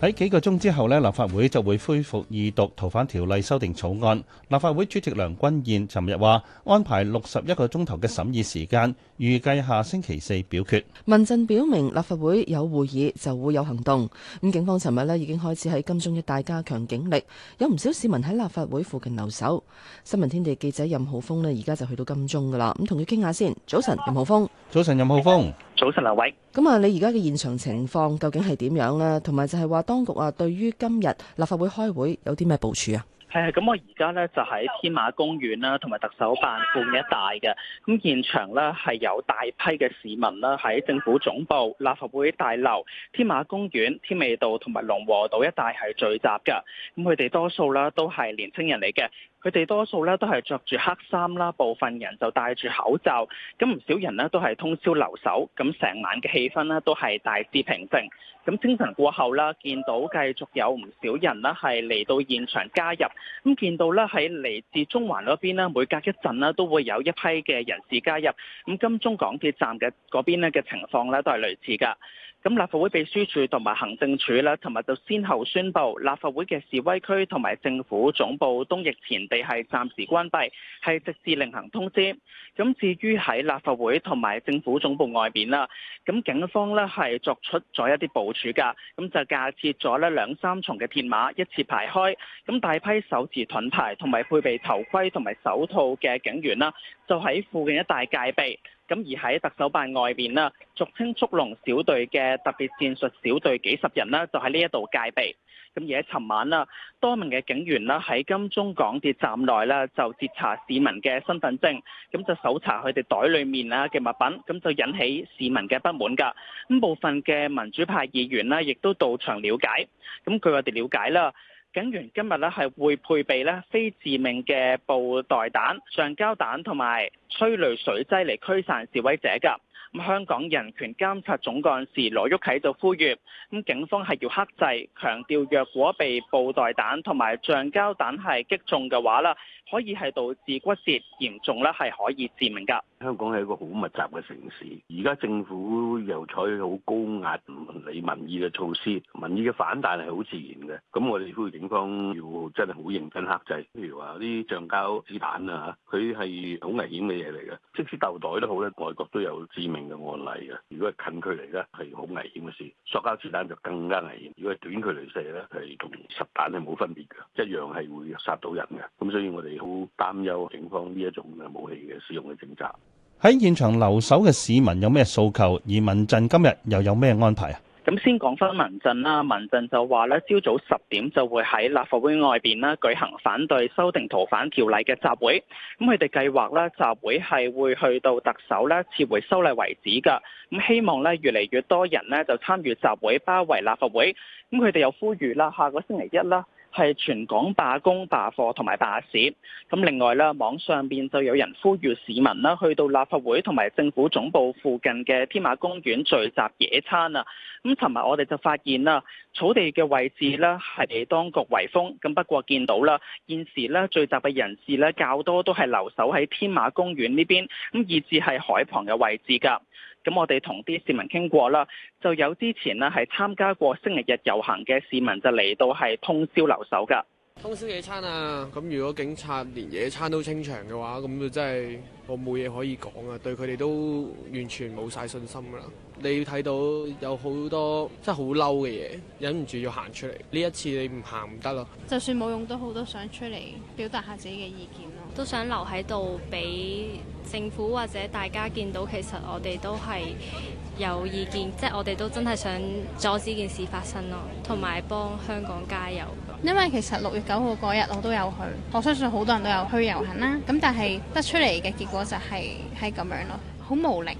喺幾個鐘之後呢，立法會就會恢復二讀逃犯條例修訂草案。立法會主席梁君彥尋日話安排六十一個鐘頭嘅審議時間，預計下星期四表決。民陣表明，立法會有會議就會有行動。咁警方尋日呢已經開始喺金鐘一帶加強警力，有唔少市民喺立法會附近留守。新聞天地記者任浩鋒呢，而家就去到了金鐘㗎啦，咁同佢傾下先。早晨，任浩鋒。早晨，任浩鋒早晨啊，偉。咁啊，你而家嘅現場情況究竟係點樣呢？同埋就係話，當局啊，對於今日立法會開會有啲咩部署啊？係啊，咁我而家咧就喺天馬公園啦，同埋特首辦半一帶嘅。咁現場咧係有大批嘅市民啦，喺政府總部、立法會大樓、天馬公園、天美道同埋龍和道一帶係聚集㗎。咁佢哋多數啦，都係年青人嚟嘅。佢哋多數咧都係着住黑衫啦，部分人就戴住口罩，咁唔少人呢都係通宵留守，咁成晚嘅氣氛呢都係大致平靜。咁清晨過後啦，見到繼續有唔少人呢係嚟到現場加入，咁見到呢喺嚟自中環嗰邊呢，每隔一陣呢都會有一批嘅人士加入，咁金鐘港鐵站嘅嗰邊呢嘅情況呢都係類似㗎。咁立法會秘書處同埋行政處呢，琴日就先後宣布立法會嘅示威區同埋政府總部東翼前地係暫時關閉，係直至另行通知。咁至於喺立法會同埋政府總部外邊，啦，咁警方呢係作出咗一啲部署㗎，咁就架設咗呢兩三重嘅鐵馬，一次排開。咁大批手持盾牌同埋配備頭盔同埋手套嘅警員啦，就喺附近一帶戒備。咁而喺特首辦外邊，啦，俗稱速龍小隊嘅特別戰術小隊幾十人啦，就喺呢一度戒備。咁而喺尋晚啦，多名嘅警員啦喺金鐘港鐵站內啦，就截查市民嘅身份證，咁就搜查佢哋袋裏面啊嘅物品，咁就引起市民嘅不滿噶。咁部分嘅民主派議員啦，亦都到場了解。咁據我哋了解啦。警員今日咧係會配備咧非致命嘅布袋彈、橡膠彈同埋催淚水劑嚟驅散示威者噶。咁香港人權監察總幹事羅旭啟喺度呼籲，咁警方係要克制，強調若果被布袋彈同埋橡膠彈係擊中嘅話啦，可以係導致骨折嚴重咧，係可以致命噶。香港係一個好密集嘅城市，而家政府又採取好高壓唔理民意嘅措施，民意嘅反彈係好自然嘅。咁我哋呼籲警方要真係好認真克制，譬如話啲橡膠子彈啊，佢係好危險嘅嘢嚟嘅。即使豆袋都好咧，外國都有致命嘅案例嘅。如果係近距離咧，係好危險嘅事。塑膠子彈就更加危險。如果係短距離射咧，係同實彈係冇分別嘅，一樣係會殺到人嘅。咁所以我哋好擔憂警方呢一種嘅武器嘅使用嘅政策。喺現場留守嘅市民有咩訴求？而民陣今日又有咩安排啊？咁先講翻民陣啦，民陣就話咧，朝早十點就會喺立法會外邊啦，舉行反對修訂逃犯條例嘅集會。咁佢哋計劃咧，集會係會去到特首咧撤回修例為止㗎。咁希望咧越嚟越多人咧就參與集會，包圍立法會。咁佢哋又呼籲啦，下個星期一啦。係全港罷工、罷課同埋罷市。咁另外咧，網上邊就有人呼籲市民啦，去到立法會同埋政府總部附近嘅天馬公園聚集野餐啊。咁尋日我哋就發現啦，草地嘅位置咧係俾當局圍封。咁不過見到啦，現時呢聚集嘅人士呢較多都係留守喺天馬公園呢邊，咁以至係海旁嘅位置㗎。咁我哋同啲市民傾過啦，就有之前咧係參加過星期日遊行嘅市民就嚟到係通宵留守噶。通宵野餐啊！咁如果警察連野餐都清場嘅話，咁就真係我冇嘢可以講啊！對佢哋都完全冇晒信心噶啦。你要睇到有好多真係好嬲嘅嘢，忍唔住要行出嚟。呢一次你唔行唔得咯。就算冇用都好，都想出嚟表達下自己嘅意見。都想留喺度俾政府或者大家見到，其實我哋都係有意見，即係我哋都真係想阻止件事發生咯，同埋幫香港加油。因為其實六月九號嗰日我都有去，我相信好多人都有去遊行啦。咁但係得出嚟嘅結果就係係咁樣咯，好無力。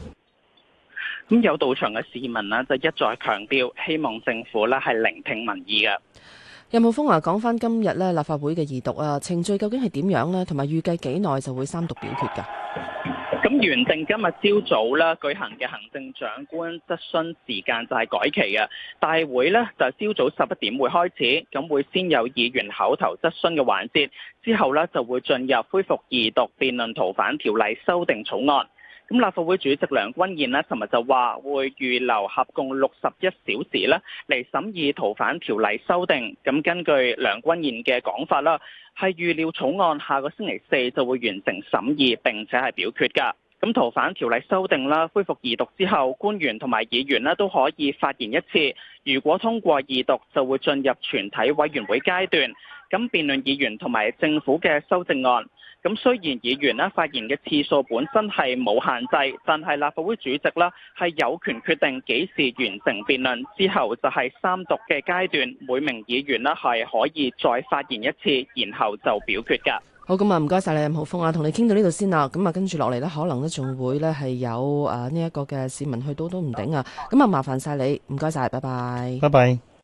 咁有到場嘅市民呢，就一再強調希望政府呢係聆聽民意嘅。任浩鋒，啊，講翻今日咧立法會嘅二讀啊，程序究竟係點樣呢？同埋預計幾耐就會三讀表決噶？咁原定今日朝早啦舉行嘅行政長官質詢時間就係改期嘅，大會咧就係、是，朝早十一點會開始，咁會先有議員口頭質詢嘅環節，之後咧就會進入恢復二讀辯論《逃犯條例》修訂草案。咁立法會主席梁君彥呢，尋日就話會預留合共六十一小時呢嚟審議逃犯條例修訂。咁根據梁君彥嘅講法啦，係預料草案下個星期四就會完成審議並且係表決㗎。咁逃犯條例修訂啦，恢復二讀之後，官員同埋議員呢都可以發言一次。如果通過二讀，就會進入全體委員會階段。咁辯論議員同埋政府嘅修正案。咁雖然議員咧發言嘅次數本身係冇限制，但係立法會主席呢係有權決定幾時完成辯論，之後就係三讀嘅階段，每名議員呢係可以再發言一次，然後就表決噶。好，咁啊唔該晒你，任浩鋒啊，同你傾到呢度先啦。咁啊跟住落嚟呢，可能呢仲會呢係有啊，呢一個嘅市民去到都唔頂啊。咁啊麻煩晒你，唔該晒，拜拜，拜拜。